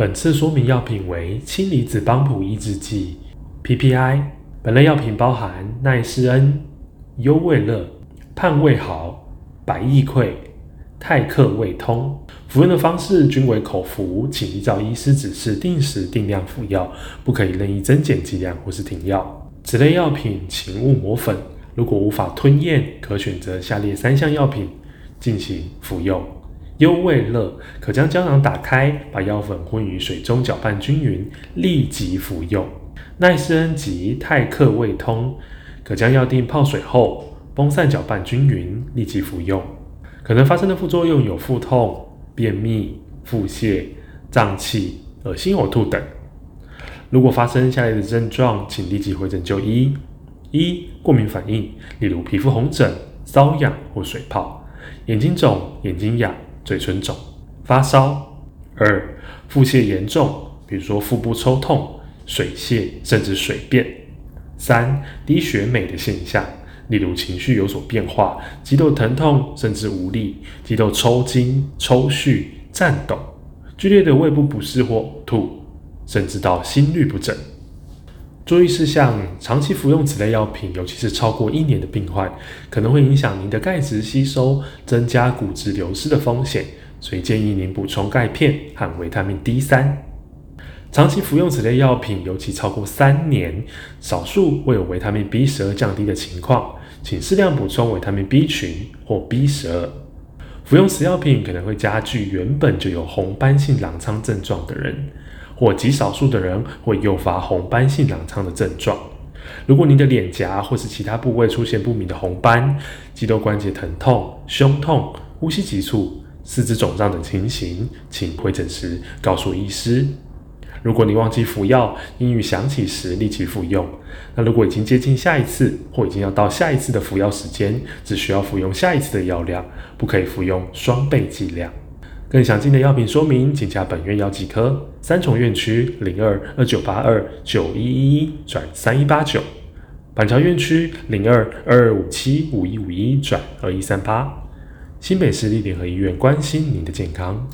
本次說明藥品為氫離子幫浦抑制劑 （PPI）。PI，本類藥品包含奈斯恩、優胃樂、盼胃豪、百益潰、泰克胃通。服用的方式均為口服，請依照醫師指示定時定量服藥，不可以任意增減劑量或是停藥。此類藥品請勿磨粉。如果無法吞嚥，可選擇下列三項藥品進行服用。優胃樂可將膠囊打開，把藥粉混於水中攪拌均勻，立即服用。奈斯恩及泰克胃通可將藥錠泡水後，崩散攪拌均勻，立即服用。可能發生的副作用有腹痛、便秘、腹瀉、脹氣、噁心、嘔吐等。如果發生下列的症狀，請立即回診就醫：一、過敏反應，例如皮膚紅疹、瘙癢或水泡、眼睛腫、眼睛癢。嘴唇腫、發燒；二、腹瀉嚴重，比如說腹部抽痛、水瀉，甚至水便；三、低血鎂的現象，例如情緒有所變化、肌肉疼痛甚至無力、肌肉抽筋、抽搐、顫抖、劇烈的胃部不適或吐，甚至到心律不整。注意事項：長期服用此類藥品，尤其是超過一年的病患，可能會影響您的鈣質吸收，增加骨質流失的風險。所以建議您補充鈣片和維他命 D3。長期服用此類藥品，尤其超過三年，少數會有維他命 B12 降低的情況，請適量補充維他命 B 群或 B12。服用此藥品可能會加劇原本就有紅斑性狼瘡症狀的人。或極少數的人會誘發紅斑性狼瘡的症狀。如果您的臉頰或是其他部位出現不明的紅斑、肌肉關節疼痛、胸痛、呼吸急促、四肢腫脹等情形，請回診時告訴醫師。如果你忘記服藥，一想起時立即服用。那如果已經接近下一次或已經要到下一次的服藥時間，只需要服用下一次的藥量，不可以服用雙倍劑量。更詳盡的藥品說明，請加本院藥劑科，三重院區零二二九八二九一一一轉三一八九，板橋院區零二二二五七五一五一轉二一三八，新北市立聯合醫院關心您的健康。